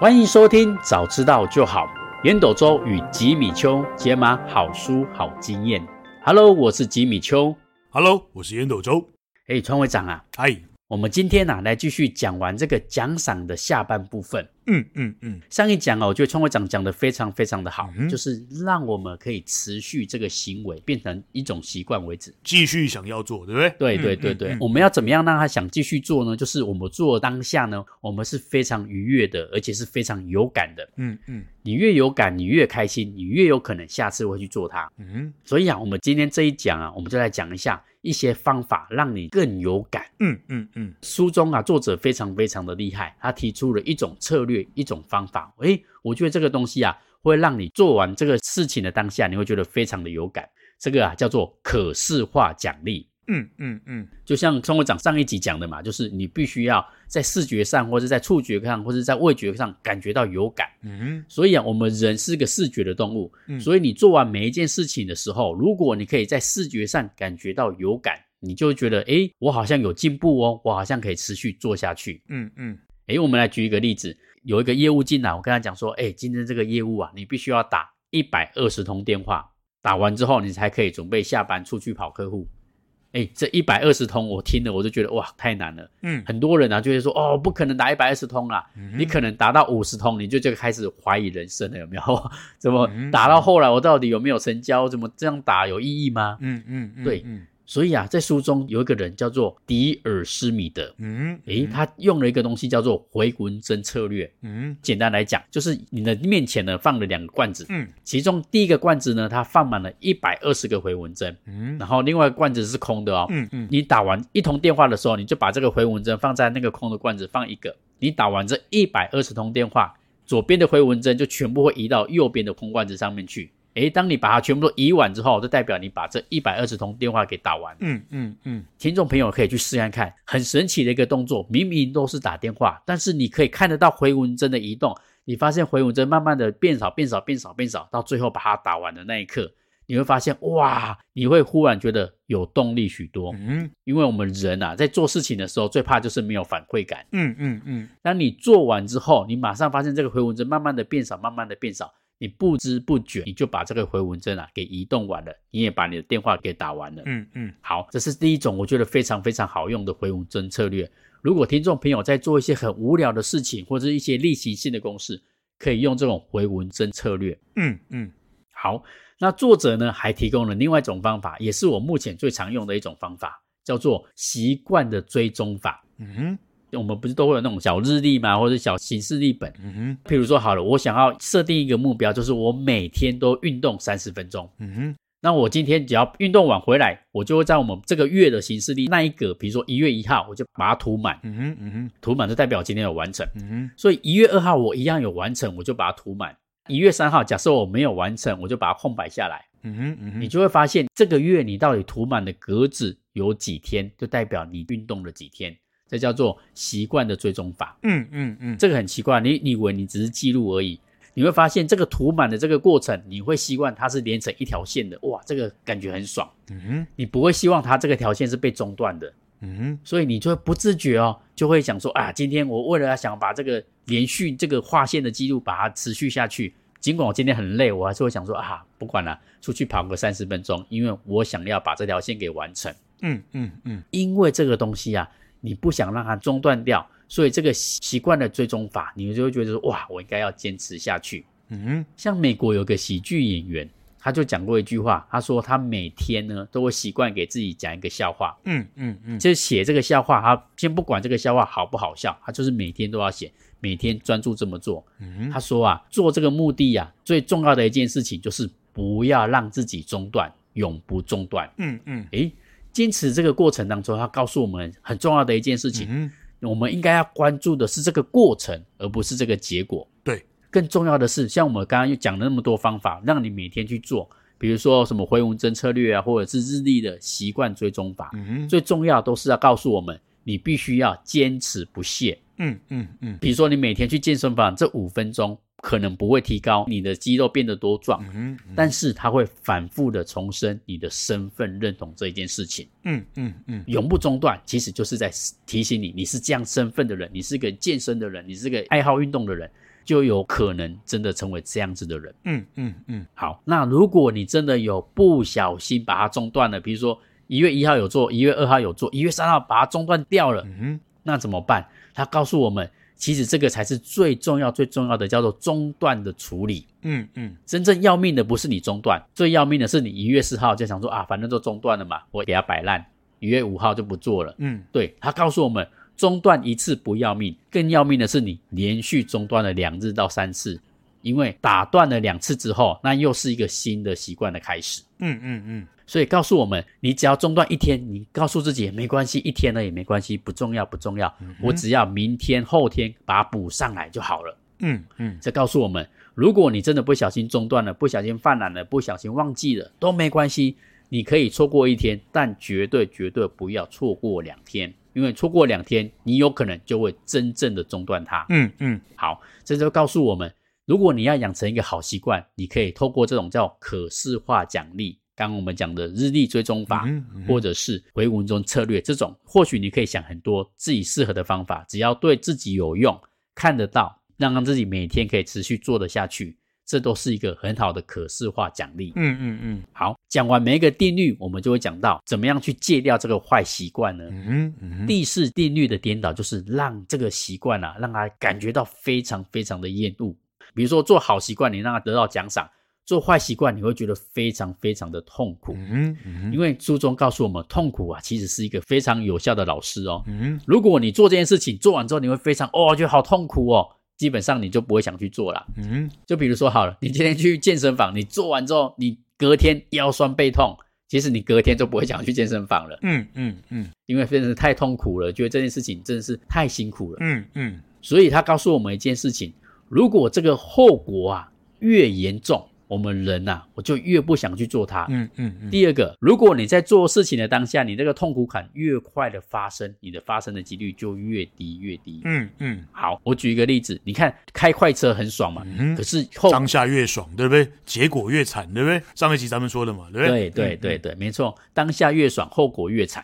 歡迎收聽《早知道就好》，煙斗周與吉米邱解碼好書好經驗。Hello，我是吉米邱。Hello，我是煙斗周。哎，hey, 川委長啊，嗨，Hi. 我們今天啊，來繼續講完這個獎賞的下半部分。嗯嗯嗯，嗯嗯上一講啊，我覺得創會長講的非常非常的好，嗯、就是讓我們可以持續這個行為變成一種習慣為止，繼續想要做，對不對？對對對對，我們要怎麼樣讓他想繼續做呢？就是我們做的當下呢，我們是非常愉悅的，而且是非常有感的。嗯嗯，嗯你越有感，你越開心，你越有可能下次會去做它。嗯，所以啊，我們今天這一講啊，我們就來講一下一些方法，讓你更有感。嗯嗯嗯，嗯嗯書中啊，作者非常非常的厲害，他提出了一種策略。一種方法，哎，我覺得這個東西啊，會讓你做完這個事情的當下，你會覺得非常的有感。這個啊叫做可視化獎勵。嗯嗯嗯，嗯嗯就像鍾國長上一集講的嘛，就是你必須要在視覺上，或者在觸覺上，或者在味覺上感覺到有感。嗯，嗯所以啊，我們人是一個視覺的動物。所以你做完每一件事情的時候，如果你可以在視覺上感覺到有感，你就會覺得，哎，我好像有進步哦，我好像可以持續做下去。嗯嗯。哎、嗯，我們來舉一個例子。有一個業務進來，我跟他講說：“哎，今天這個業務啊，你必須要打一百二十通電話，打完之後你才可以準備下班出去跑客戶。”哎，這一百二十通，我聽了我就覺得哇，太難了。嗯，很多人啊就會說：“哦，不可能打一百二十通了、嗯嗯、你可能打到五十通，你就就開始懷疑人生了，有沒有？怎麼打到後來我到底有沒有成交？怎麼這樣打有意義嗎？”嗯嗯，嗯嗯，對，所以啊，在書中有一個人叫做迪爾斯米德，嗯，嗯誒，他用了一個東西叫做迴紋針策略，嗯，簡單來講，就是你的面前呢放了兩個罐子，嗯，其中第一個罐子呢，它放滿了一百二十個迴紋針，嗯，然後另外一個罐子是空的哦，嗯嗯，嗯你打完一通電話的時候，你就把這個迴紋針放在那個空的罐子放一個，你打完這一百二十通電話，左邊的迴紋針就全部會移到右邊的空罐子上面去。哎，當你把它全部都移完之後，就代表你把這一百二十通電話給打完嗯。嗯嗯嗯，聽眾朋友可以去試看看，很神奇的一個動作。明明都是打電話，但是你可以看得到回紋針的移動。你發現回紋針慢慢的變少，變少，變少，變少，到最後把它打完的那一刻，你會發現，哇，你會忽然覺得有動力許多。嗯，因為我們人啊，在做事情的時候，最怕就是沒有反饋感。嗯嗯嗯，嗯嗯當你做完之後，你馬上發現這個回紋針慢慢的變少，慢慢的變少。你不知不覺，你就把這個迴紋針啊給移動完了，你也把你的電話給打完了。嗯嗯，嗯，好，這是第一種，我覺得非常非常好用的迴紋針策略。如果聽眾朋友在做一些很無聊的事情，或者是一些例行性的公事，可以用這種迴紋針策略。嗯嗯，嗯，好，那作者呢還提供了另外一種方法，也是我目前最常用的一種方法，叫做習慣的追蹤法。嗯嗯。我們不是都會有那種小日曆嘛，或者小行事曆本。嗯哼，譬如說，好了，我想要設定一個目標，就是我每天都運動三十分鐘。嗯哼，那我今天只要運動完回來，我就會在我們這個月的行事曆那一格，比如說一月一號，我就把它塗滿，嗯。嗯哼嗯哼，塗滿就代表我今天有完成。嗯哼，所以一月二號我一樣有完成，我就把它塗滿。一月三號假設我沒有完成，我就把它空白下來。嗯哼嗯哼，嗯哼你就會發現這個月你到底塗滿的格子有幾天，就代表你運動了幾天。這叫做習慣的追蹤法。嗯嗯嗯，嗯嗯，這個很奇怪，你以為你只是記錄而已，你會發現這個塗滿的這個過程，你會習慣它是連成一條線的。哇，這個感覺很爽。嗯哼，你不會希望它這個條線是被中斷的。嗯哼，所以你就會不自覺哦，就會想說啊，今天我為了要想把這個連續這個畫線的記錄把它持續下去，儘管我今天很累，我還是會想說啊，不管了、啊，出去跑個三十分鐘，因為我想要把這條線給完成。嗯嗯嗯，嗯嗯，因為這個東西啊。你不想讓它中斷掉，所以這個習慣的追蹤法，你們就會覺得說：哇，我應該要堅持下去。嗯，像美國有個喜劇演員，他就講過一句話，他說他每天呢都會習慣給自己講一個笑話。嗯嗯嗯，嗯嗯就寫這個笑話，他先不管這個笑話好不好笑，他就是每天都要寫，每天專注這麼做。嗯，他說啊，做這個目的呀、啊，最重要的一件事情就是不要讓自己中斷，永不中斷。嗯嗯，嗯誒堅持這個過程當中，他告訴我們很重要的一件事情，嗯，我們應該要關注的是這個過程，而不是這個結果。對，更重要的是，像我們剛剛又講了那麼多方法，讓你每天去做，比如說什麼迴紋針策略啊，或者是日曆的習慣追蹤法。嗯，最重要都是要告訴我們，你必須要堅持不懈。嗯嗯嗯，嗯嗯比如說你每天去健身房這五分鐘，可能不會提高你的肌肉變得多壯，嗯，嗯，但是它會反覆的重申你的身份認同這一件事情，嗯嗯嗯，嗯嗯，永不中斷，其實就是在提醒你，你是這樣身份的人，你是一個健身的人，你是個愛好運動的人，就有可能真的成為這樣子的人，嗯嗯嗯。嗯嗯，好，那如果你真的有不小心把它中斷了，比如說一月一號有做，一月二號有做，一月三號把它中斷掉了，嗯。嗯那怎麼辦？他告訴我們，其實這個才是最重要、最重要的，叫做中斷的處理。嗯嗯，嗯真正要命的不是你中斷，最要命的是你一月四號就想說啊，反正就中斷了嘛，我給他擺爛，一月五號就不做了。嗯，對他告訴我們，中斷一次不要命，更要命的是你連續中斷了兩日到三次，因為打斷了兩次之後，那又是一個新的習慣的開始。嗯嗯嗯。嗯嗯所以告訴我們，你只要中斷一天，你告訴自己也沒關係，一天了也沒關係，不重要不重要，我只要明天後天把它補上來就好了。嗯嗯，這、嗯、告訴我們，如果你真的不小心中斷了，不小心犯懶了，不小心忘記了，都沒關係。你可以錯過一天，但絕對絕對不要錯過兩天，因為錯過兩天，你有可能就會真正的中斷它。嗯嗯，嗯好，這就，就告訴我們，如果你要養成一個好習慣，你可以透過這種叫可視化獎勵。剛剛我們講的日曆追蹤法，或者是迴紋針策略，這種，或許你可以想很多自己適合的方法，只要對自己有用，看得到，讓自己每天可以持續做得下去，這都是一個很好的可視化獎勵。嗯嗯嗯。好，講完每一個定律，我們就會講到怎麼樣去戒掉這個壞習慣呢？嗯嗯。第四定律的顛倒就是讓這個習慣啊，讓他感覺到非常非常的厭惡。比如說做好習慣，你讓他得到獎賞。做壞習慣，你會覺得非常非常的痛苦。嗯嗯，因為書中告訴我們，痛苦啊，其實是一個非常有效的老師哦。嗯，如果你做這件事情做完之後，你會非常哦，覺得好痛苦哦，基本上你就不會想去做了。嗯，就比如說好了，你今天去健身房，你做完之後，你隔天腰酸背痛，其實你隔天就不會想去健身房了。嗯嗯嗯，因為真的是太痛苦了，覺得這件事情真的是太辛苦了。嗯嗯，所以他告訴我們一件事情：如果這個後果啊越嚴重，我們人吶、啊，我就越不想去做它、嗯。嗯嗯嗯。第二個，如果你在做事情的當下，你那個痛苦感越快的發生，你的發生的幾率就越低越低。嗯嗯。嗯好，我舉一個例子，你看開快車很爽嘛，嗯、哼可是後當下越爽，對不對？結果越慘，對不對？上一集，咱們說的嘛，對不對？對對對對，沒錯，當下越爽，後果越慘。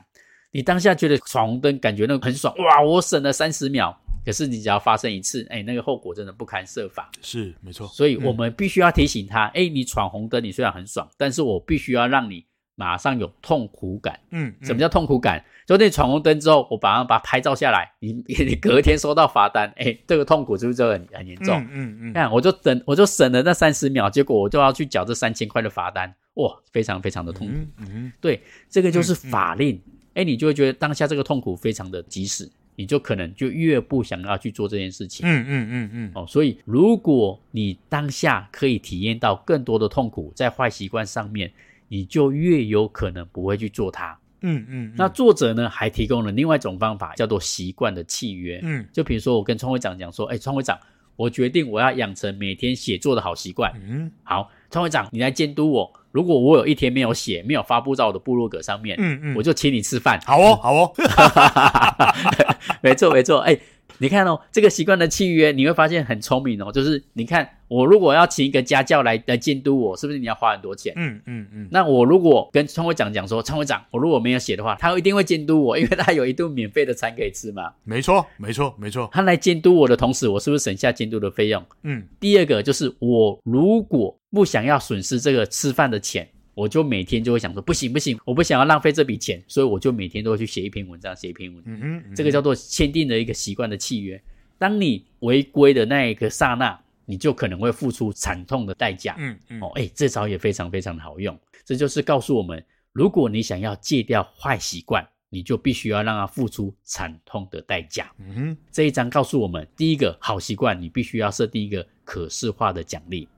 你當下覺得闖紅燈感覺那個很爽，哇，我省了三十秒。可是你只要發生一次，哎、欸，那個後果真的不堪設想。是，沒錯。所以，我們必須要提醒他，哎、嗯欸，你闖紅燈，你雖然很爽，但是我必須要讓你馬上有痛苦感。嗯。嗯什麼叫痛苦感？就那闖紅燈之後，我馬上把它拍照下來，你你隔天收到罰單，哎、欸，這個痛苦是不是就很很嚴重？嗯嗯。那、嗯嗯、我就等，我就省了那三十秒，結果我就要去繳這三千塊的罰單，哇，非常非常的痛苦。嗯，嗯，嗯對，這個就是法令，哎、嗯嗯欸，你就會覺得當下這個痛苦非常的即時。你就可能就越不想要去做這件事情。嗯嗯嗯嗯。嗯嗯哦，所以如果你當下可以體驗到更多的痛苦在壞習慣上面，你就越有可能不會去做它。嗯嗯。嗯嗯那作者呢，還提供了另外一種方法，叫做習慣的契約。嗯，就比如說我跟創會長講說，誒創會長，我決定我要養成每天寫作的好習慣。嗯，好，創會長你來監督我。如果我有一天沒有寫，沒有發布在我的部落格上面，嗯嗯，嗯我就請你吃飯。好哦，嗯、好哦， 沒錯，沒錯。哎、欸，你看哦，這個習慣的契約，你會發現很聰明哦。就是你看，我如果要請一個家教來來監督我，是不是你要花很多錢？嗯嗯嗯。嗯嗯那我如果跟參會長講說，參會長，我如果沒有寫的話，他一定會監督我，因為他有一頓免費的餐可以吃嘛。沒錯，沒錯，沒錯。他來監督我的同時，我是不是省下監督的費用？嗯。第二個就是我如果。不想要損失這個吃飯的錢，我就每天就會想說不行不行，我不想要浪費這筆錢，所以我就每天都會去寫一篇文章，寫一篇文章。嗯哼嗯哼，這個叫做簽訂了一個習慣的契約。當你違規的那一個剎那，你就可能會付出慘痛的代價。嗯嗯，哦欸，這招也非常非常的好用。這就是告訴我們，如果你想要戒掉壞習慣，你就必須要讓它付出慘痛的代價。嗯哼，這一章告訴我們，第一個好習慣，你必須要設定一個可視化的獎勵。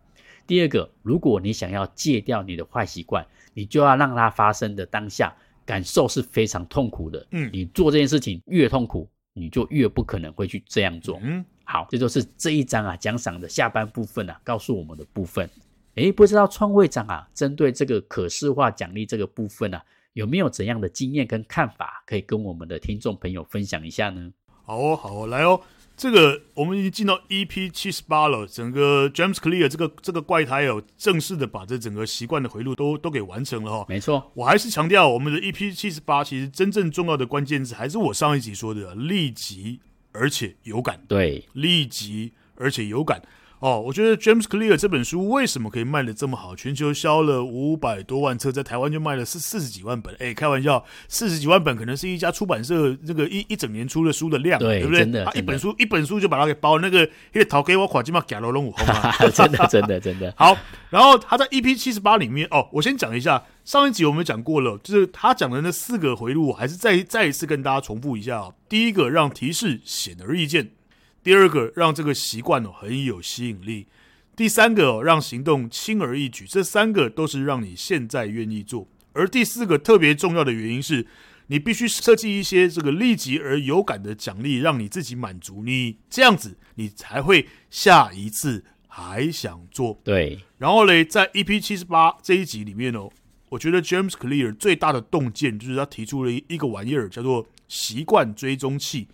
第二個，如果你想要戒掉你的壞習慣，你就要讓它發生的當下感受是非常痛苦的。嗯，你做這件事情越痛苦，你就越不可能會去這樣做。嗯，好，這就是這一章啊，獎賞的下半部分啊，告訴我們的部分。誒，不知道創會長啊，針對這個可視化獎勵這個部分啊，有沒有怎樣的經驗跟看法，可以跟我們的聽眾朋友分享一下呢？好哦，好哦，來哦。這個我們已經進到 EP 七十八了，整個 James Clear 這個這個怪胎哦，正式的把這整個習慣的回路都都給完成了哈、哦。沒錯，我還是強調，我們的 EP 七十八其實真正重要的關鍵字還是我上一集說的，立即而且有感。對，立即而且有感。哦，我覺得 James Clear 這本書為什麼可以賣得這麼好？全球銷了五百多萬冊，在台灣就賣了四四十幾萬本。哎，開玩笑，四十幾萬本可能是一家出版社那個一一整年出的書的量，對，對不對？真的，他一本書的一本書就把它給包。那個葉桃給我垮，金毛假羅龍五號，真的真的真的。 好，然後他在 EP 七十八裡面，哦，我先講一下，上一集我們講過了，就是他講的那四個回路，我還是再再一次跟大家重複一下哦。第一個，讓提示顯而易見。第二個讓這個習慣很有吸引力，第三個、哦、讓行動輕而易舉，這三個都是讓你現在願意做。而第四個特別重要的原因是，你必須設計一些這個立即而有感的獎勵，讓你自己滿足你，你這樣子你才會下一次還想做。對。然後嘞，在 EP 七十八這一集裡面呢、哦，我覺得 James Clear 最大的洞見就是他提出了一個玩意兒叫做習慣追蹤器。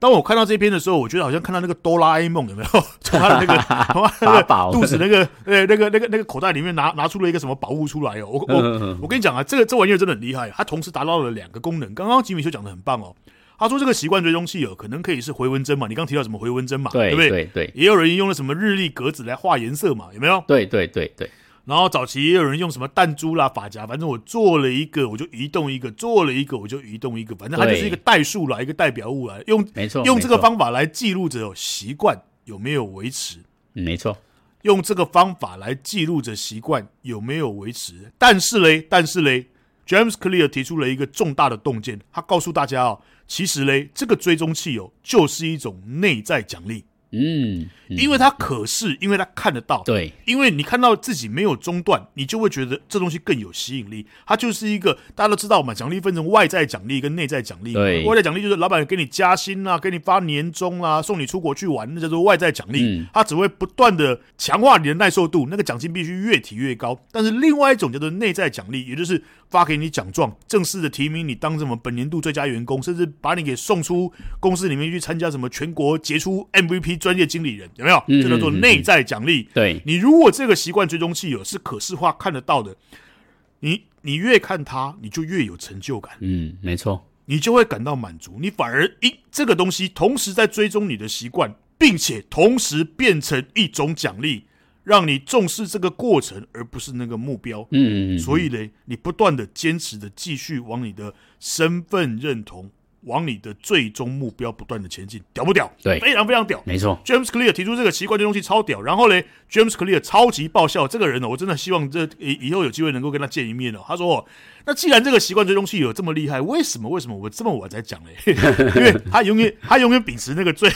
當我看到這篇的時候，我覺得好像看到那個哆啦 A 夢有沒有？他 那個他那個肚子那個、 欸、那個那個那個口袋裡面拿拿出了一個什麼寶物出來哦！我我，我，我跟你講啊，這個這玩意兒真的很厲害，它同時達到了兩個功能。剛剛吉米邱講的很棒哦，他說這個習慣追蹤器哦，可能可以是回紋針嘛？你剛，剛提到什麼回紋針嘛？對，對不對？對，對也有人用了什麼日曆格子來畫顏色嘛？有沒有？對對對對。對對對然後早期也有人用什麼彈珠啦、髮夾，反正我做了一個，我就移動一個；做了一個，我就移動一個。反正它就是一個代數啦，對 一個代表物啦，用，沒錯，用這個方法來記錄着習慣有沒有維持。沒錯，用這個方法來記錄着習慣有沒有維持。沒錯 但是嘞，但是嘞，James Clear 提出了一個重大的洞見，他告訴大家哦，其實嘞，這個追蹤器哦，就是一種內在獎勵。嗯，嗯，因為他可視，因為他看得到，對，因為你看到自己沒有中斷，你就會覺得這東西更有吸引力。它就是一個大家都知道嘛，獎勵分成外在獎勵跟內在獎勵。對，外在獎勵就是老闆給你加薪啊，給你發年終啊，送你出國去玩，那叫做外在獎勵。嗯，他只會不斷的強化你的耐受度，那個獎金必須越提越高。但是另外一種叫做內在獎勵，也就是發給你獎狀，正式的提名你當什麼本年度最佳員工，甚至把你給送出公司裡面去參加什麼全國傑出 MVP。專業經理人有沒有？嗯、就叫做內在獎勵。嗯嗯、對你，如果這個習慣追蹤器有是可視化看得到的，你你越看它，你就越有成就感。嗯，沒錯，你就會感到滿足。你反而一，一這個東西同時在追蹤你的習慣，並且同時變成一種獎勵，讓你重視這個過程，而不是那個目標。嗯，嗯嗯，所以呢，你不斷的堅持的繼續往你的身份認同。往你的最終目標不斷的前進，屌不屌？對，非常非常屌，沒錯。James Clear 提出這個習慣追蹤器超屌，然後呢，James Clear 超級爆笑這個人呢、哦，我真的希望這以，以後有機會能夠跟他見一面哦。他說、哦：“那既然這個習慣追蹤器有這麼厲害，為什麼為什麼我這麼晚才講呢？ 因為他永遠他永遠秉持那個最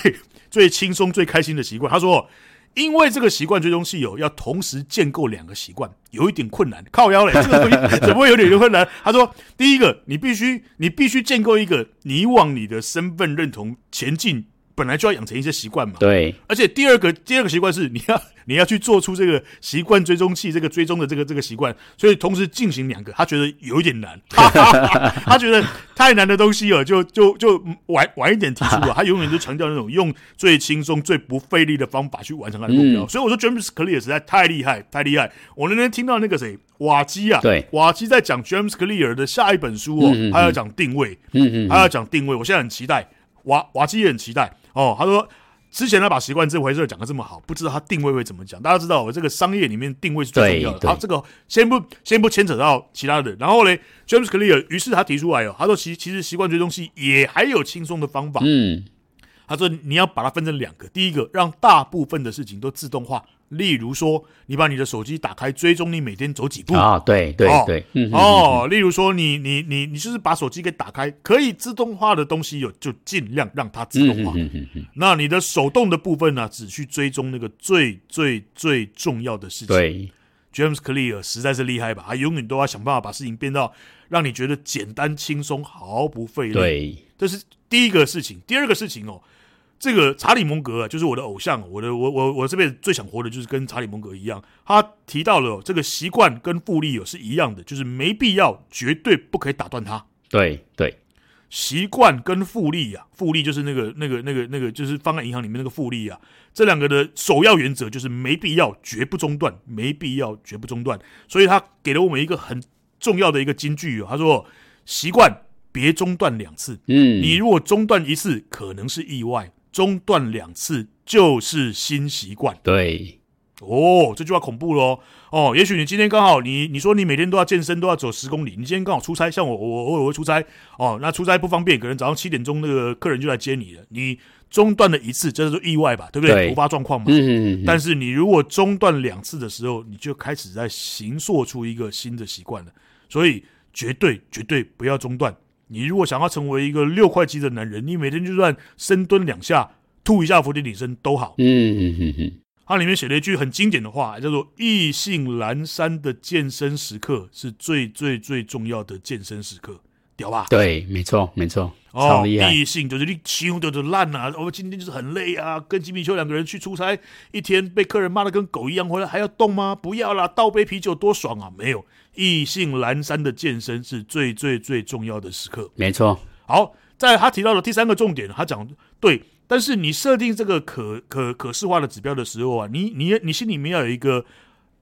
最輕鬆最開心的習慣。”他說、哦。因為這個習慣追蹤器要同時建構兩個習慣，有一點困難，靠腰嘞，這個東西怎麼會有點困難？他說，第一個，你必須你必須建構一個你往你的身份認同前進。本來就要養成一些習慣嘛。對，而且第二個第二個習慣是你要你要去做出這個習慣追蹤器，這個追蹤的這個這個習慣。所以同時進行兩個，他覺得有一點難。哈哈哈， 他覺得太難的東西哦，就就就晚晚一點提出了。 他永遠就強調那種用最輕鬆、最不費力的方法去完成他的目標。嗯、所以我說，James Clear 實在太厲害，太厲害。我那天聽到那個誰瓦基啊，對，瓦基在講 James Clear 的下一本書哦，嗯嗯嗯他要講定位，嗯，嗯，嗯，他要講定位，我現在很期待。瓦瓦基也很期待哦。他說：“之前他把習慣這回事講得這麼好，不知道他定位會怎麼講。大家知道，這個商業裡面定位是最重要的。他、啊、這個先不先不牽扯到其他的，然後呢，James Clear 於是他提出來哦，他說其：‘其其實習慣這東西也還有輕鬆的方法。’嗯。”他說：“你要把它分成兩個，第一個讓大部分的事情都自動化。例如說，你把你的手機打開，追蹤你每天走幾步啊、哦？對對對哦、嗯、哦。例如說你，你你你你就是把手機給打開，可以自動化的東西有就儘量讓它自動化。嗯、哼哼。那你的手動的部分呢、啊？只去追蹤那個最最最最重要的事情。對，James Clear 實在是厲害吧？他永遠都要想辦法把事情變到讓你覺得簡單輕鬆，毫不費力。對，這是第一個事情。第二個事情哦。”這個查理·蒙格啊，就是我的偶像。我的我我我這輩子最想活的就是跟查理·蒙格一樣。他提到了、哦、這個習慣跟複利有、哦、是一樣的，就是沒必要，絕對不可以打斷他。對對，習慣跟複利呀、啊，複利就是那個那個那個那個，就是放在銀行裡面那個複利啊。這兩個的首要原則就是沒必要，絕不中斷；沒必要，絕不中斷。所以他給了我們一個很重要的一個金句、哦，他說：“習慣別中斷兩次。”嗯，你如果中斷一次，可能是意外。中斷兩次就是新習慣，對哦，這句話恐怖咯哦。也許你今天剛好你你說你每天都要健身，都要走十公里，你今天剛好出差，像我我偶爾會出差哦，那出差不方便，可能早上七點鐘那個客人就來接你了，你中斷了一次，這是意外吧，對不對？突對發狀況嘛。嗯，哼嗯哼。但是你如果中斷兩次的時候，你就開始在形塑出一個新的習慣了，所以絕對絕對不要中斷。你如果想要成為一個六塊肌的男人，你每天就算深蹲兩下、吐一下伏地挺身都好。嗯嗯嗯嗯，嗯嗯嗯，他裡面寫了一句很經典的話，叫做“意興闌珊的健身時刻是最最最重要的健身時刻”，屌吧？對，沒錯，沒錯。哦，意興就是你肌就是爛啊。我們今天就是很累啊，跟吉米邱兩個人去出差，一天被客人罵得跟狗一樣回來，還要動嗎？不要啦，倒杯啤酒多爽啊！沒有。意興闌珊的健身是最最最重要的時刻。沒錯，好，在他提到的第三個重點，他講對，但是你設定這個可可可視化的指標的時候啊，你你你心裡面要有一個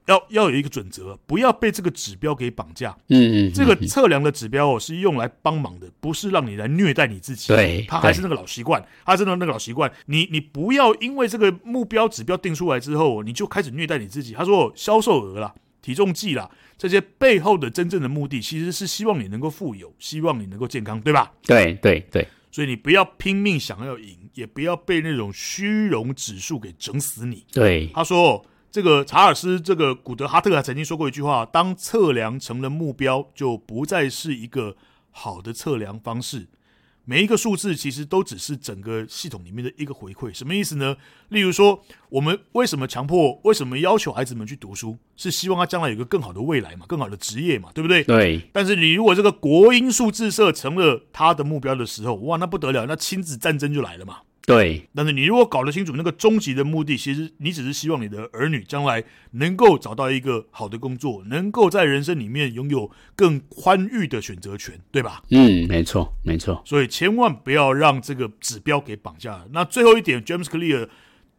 要要有一個準則，不要被這個指標給綁架。嗯嗯嗯嗯，這個測量的指標哦是用來幫忙的，不是讓你來虐待你自己。對，他還是那個老習慣，對他真的那個老習慣，你你不要因為這個目標指標定出來之後，你就開始虐待你自己。他說銷售額了。體重計啦，這些背後的真正的目的其實是希望你能夠富有，希望你能夠健康，對吧？對對對，對對，所以你不要拼命想要贏，也不要被那種虛榮指數給整死你。對，他說這個查爾斯這個古德哈特還曾經說過一句話：當測量成了目標，就不再是一個好的測量方式。每一個數字其實都只是整個系統裡面的一個回饋，什麼意思呢？例如說，我們為什麼強迫、為什麼要求孩子們去讀書，是希望他將來有一個更好的未來嘛，更好的職業嘛，對不對？對。但是你如果這個國英數自社成了他的目標的時候，哇，那不得了，那親子戰爭就來了嘛。對，但是你如果搞得清楚那個終極的目的，其實你只是希望你的兒女將來能夠找到一個好的工作，能夠在人生裡面擁有更寬裕的選擇權，對吧？嗯，沒錯，沒錯。所以千萬不要讓這個指標給綁架了。那最後一點，James Clear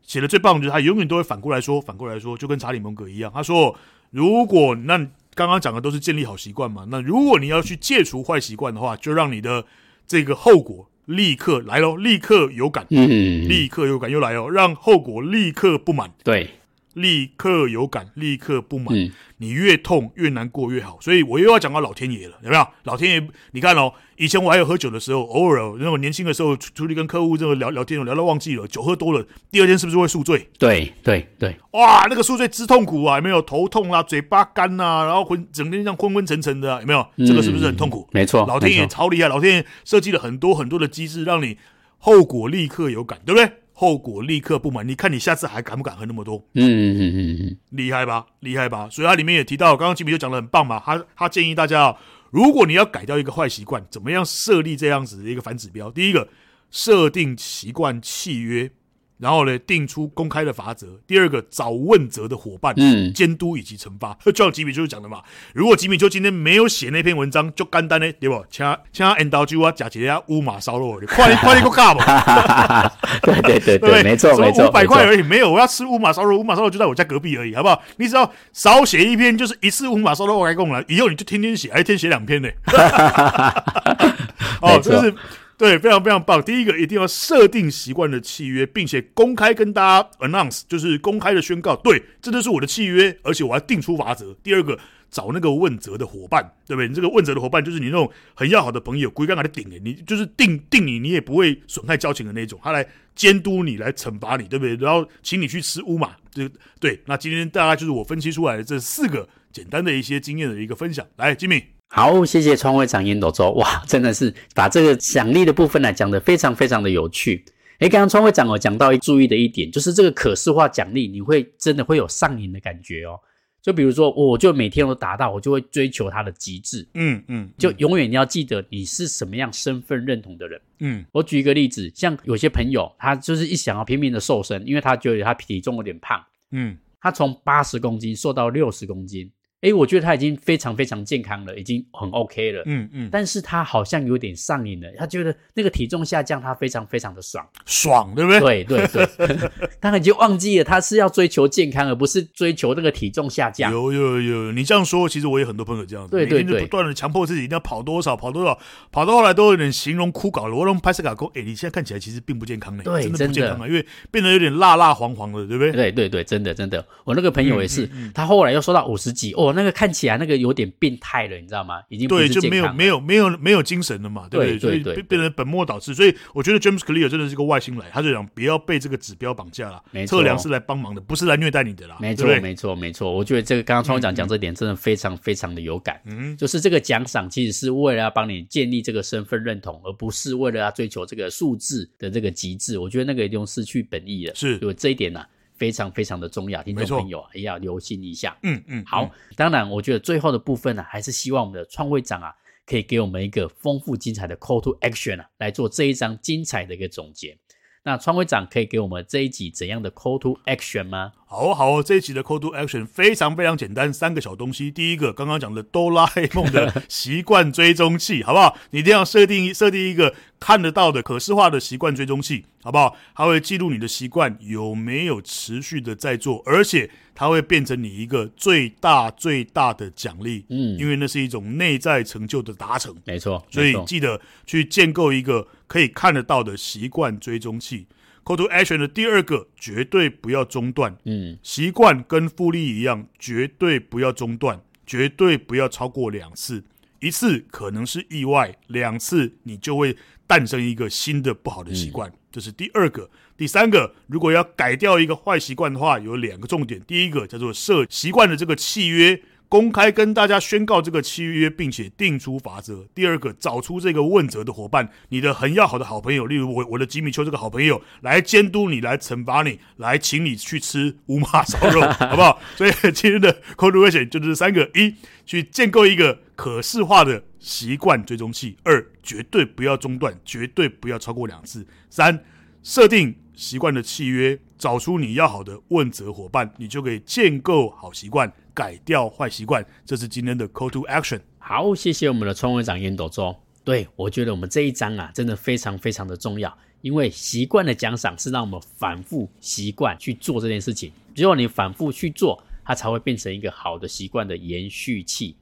寫的最棒，就是他永遠都會反過來說，反過來說，就跟查理蒙格一樣，他說，如果那剛剛講的都是建立好習慣嘛，那如果你要去戒除壞習慣的話，就讓你的這個後果。立刻來咯，立刻有感，嗯，立刻有感又來咯，讓後果立刻不滿，對。立刻有感，立刻不滿。嗯、你越痛越難過越好，所以我又要講到老天爺了，有沒有？老天爺，你看哦，以前我還有喝酒的時候，偶爾那種年輕的時候出出去跟客戶這個聊聊天，我聊到忘記了，酒喝多了，第二天是不是會宿醉？對對對，哇，那個宿醉之痛苦啊，有沒有？頭痛啊，嘴巴乾吶、啊，然後昏整天像昏昏沉沉的、啊，有沒有？這個是不是很痛苦？嗯、沒錯，老天爺超厲害，沒錯。老天爺設計了很多很多的機制，讓你後果立刻有感，對不對？後果立刻不滿，你看你下次還敢不敢喝那麼多？嗯嗯嗯嗯，厲害吧，厲害吧。所以他裡面也提到，剛剛吉米就講得很棒嘛，他他建議大家啊，如果你要改掉一個壞習慣，怎麼樣設立這樣子的一個反指標？第一個，設定習慣契約。然後呢，定出公開的罰則。第二個，找問責的夥伴，嗯，監督以及懲罰。那、嗯、 就像吉米邱是講的嘛，如果吉米邱今天沒有寫那篇文章，就簡單的對吧，請請煙斗周哇，夾起他烏馬燒肉，快快一個卡不？對對對對，沒錯沒錯，收五百塊而已，沒，錯沒有我要吃烏馬燒肉，烏馬燒肉就在我家隔壁而已，好不好？你只要少寫一篇，就是一次烏馬燒肉我開供了，以後你就天天寫，一天寫兩篇呢。 哦，錯這是。對，非常非常棒。第一個一定要設定習慣的契約，並且公開跟大家 announce，就是公開的宣告，對，這都是我的契約，而且我要定出罰則。第二個，找那個問責的夥伴，對不對？你這個問責的夥伴就是你那種很要好的朋友，歸根給他頂、欸，你就是定定你，你也不會損害交情的那種，他來監督你，來懲罰你，對不對？然後請你去吃烏馬，對對。那今天大概就是我分析出來的這四個簡單的一些經驗的一個分享，來吉米。Jimmy 好，謝謝川會長煙斗周。哇，真的是把這個獎勵的部分呢講得非常非常的有趣。誒，剛剛川會長有講到一注意的一點，就是這個可視化獎勵，你會真的會有上癮的感覺哦。就比如說，我就每天都達到，我就會追求它的極致、嗯。嗯嗯，就永遠你要記得你是什麼樣身份認同的人。嗯，我舉一個例子，像有些朋友，他就是一想要拼命的瘦身，因為他覺得他體重有點胖。嗯，他從八十公斤瘦到六十公斤。欸，我覺得他已經非常非常健康了，已經很 OK 了。嗯嗯，嗯，但是他好像有點上癮了。他覺得那個體重下降，他非常非常的爽，爽，對不對？對對對，對對 他已經忘記了他是要追求健康，而不是追求那個體重下降。有有有，你這樣說，其實我也很多朋友這樣子，對每天就不斷的強迫自己一定要跑多少，跑多少，跑到後來都有點形容枯槁了。我拍色卡說：“欸，你現在看起來其實並不健康呢，對真的不健康啊，的因為變得有點蠟蠟黃黃的，對不對？”對對對，對，真的真的，我那個朋友也是，嗯嗯嗯、他後來又說到五十幾哦。那個看起來那個有點變態了，你知道嗎？已經了對，就沒有沒有沒有沒有精神了嘛，對對對？變成本末倒置。所以我覺得 James Clear 真的是個外星來，他就講不要被這個指標綁架了。沒錯。測量是來幫忙的，不是來虐待你的啦。沒錯，對對沒錯，沒錯。我覺得這個剛剛川總講、嗯、講這點真的非常非常的有感。嗯，就是這個獎賞其實是為了要幫你建立這個身份認同，而不是為了要追求這個數字的這個極致。我覺得那個已經失去本意了。是，就這一點啦、啊。非常非常的重要，聽眾朋友、啊、沒錯，也要留心一下。嗯嗯，嗯，好，嗯、當然，我覺得最後的部分呢、啊，還是希望我們的創會長啊，可以給我們一個豐富精彩的 call to action 啊，來做這一章精彩的一個總結。那創會長可以給我們這一集怎樣的 call to action 嗎？好、哦、好、哦，這一集的 Code to Action 非常非常簡單，三個小東西。第一個，剛剛講的哆啦 A 夢的習慣追蹤器， 好不好？你一定要設定設定一個看得到的可視化的習慣追蹤器，好不好？它會記錄你的習慣有沒有持續的在做，而且它會變成你一個最大最大的獎勵，嗯，因為那是一種內在成就的達成，沒錯。所以記得去建構一個可以看得到的習慣追蹤器。Call to action 的第二個，絕對不要中斷。嗯，習慣跟複利一樣，絕對不要中斷，絕對不要超過兩次。一次可能是意外，兩次你就會誕生一個新的不好的習慣。嗯、這是第二個，第三個，如果要改掉一個壞習慣的話，有兩個重點。第一個叫做設習慣的這個契約。公開跟大家宣告這個契約，並且定出罰則。第二個，找出這個問責的夥伴，你的很要好的好朋友，例如我，我的吉米邱這個好朋友，來監督你，來懲罰你，來請你去吃屋馬燒肉，好不好？ 所以今天的 conclusion 就是三個：一、去建構一個可視化的習慣追蹤器；二、絕對不要中斷，絕對不要超過兩次；三、設定習慣的契約，找出你要好的問責夥伴，你就可以建構好習慣。改掉壞習慣，這是今天的 Call to Action。好，謝謝我們的創會長煙斗周，對，我覺得我們這一章啊，真的非常非常的重要，因為習慣的獎賞是讓我們反覆習慣去做這件事情。只有你反覆去做，它才會變成一個好的習慣的延續器。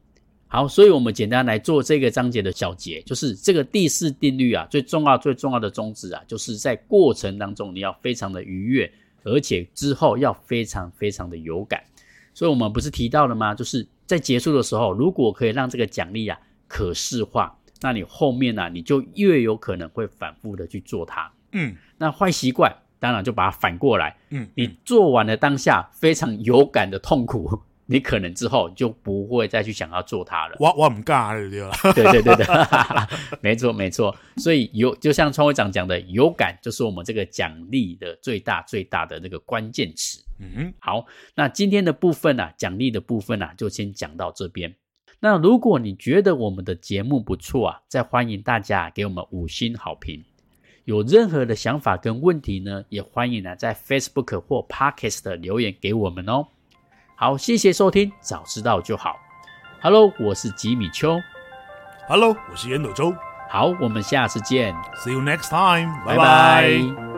好，所以，我們簡單來做這個章節的小結，就是這個第四定律啊，最重要最重要的宗旨啊，就是在過程當中你要非常的愉悅，而且之後要非常非常的有感。所以，我們不是提到了嗎？就是在結束的時候，如果可以讓這個獎勵啊可視化，那你後面呢、啊，你就越有可能會反復的去做它。嗯，那壞習慣當然就把它反過來。嗯，嗯，你做完了當下非常有感的痛苦，你可能之後就不會再去想要做它了。我我唔幹，對， 對對對哈 沒錯沒錯。所以有，就像創會長講的，有感就是我們這個獎勵的最大最大的那個關鍵詞。嗯， 好，那今天的部分啊，獎勵的部分啊，就先講到這邊。那如果你覺得我們的節目不錯啊，再歡迎大家給我們五星好評。有任何的想法跟問題呢，也歡迎呢、啊、在 Facebook 或 Podcast 留言給我們哦。好，謝謝收聽，早知道就好。Hello，我是吉米邱。Hello，我是煙斗周，好，我們下次見。See you next time. Bye bye。拜拜。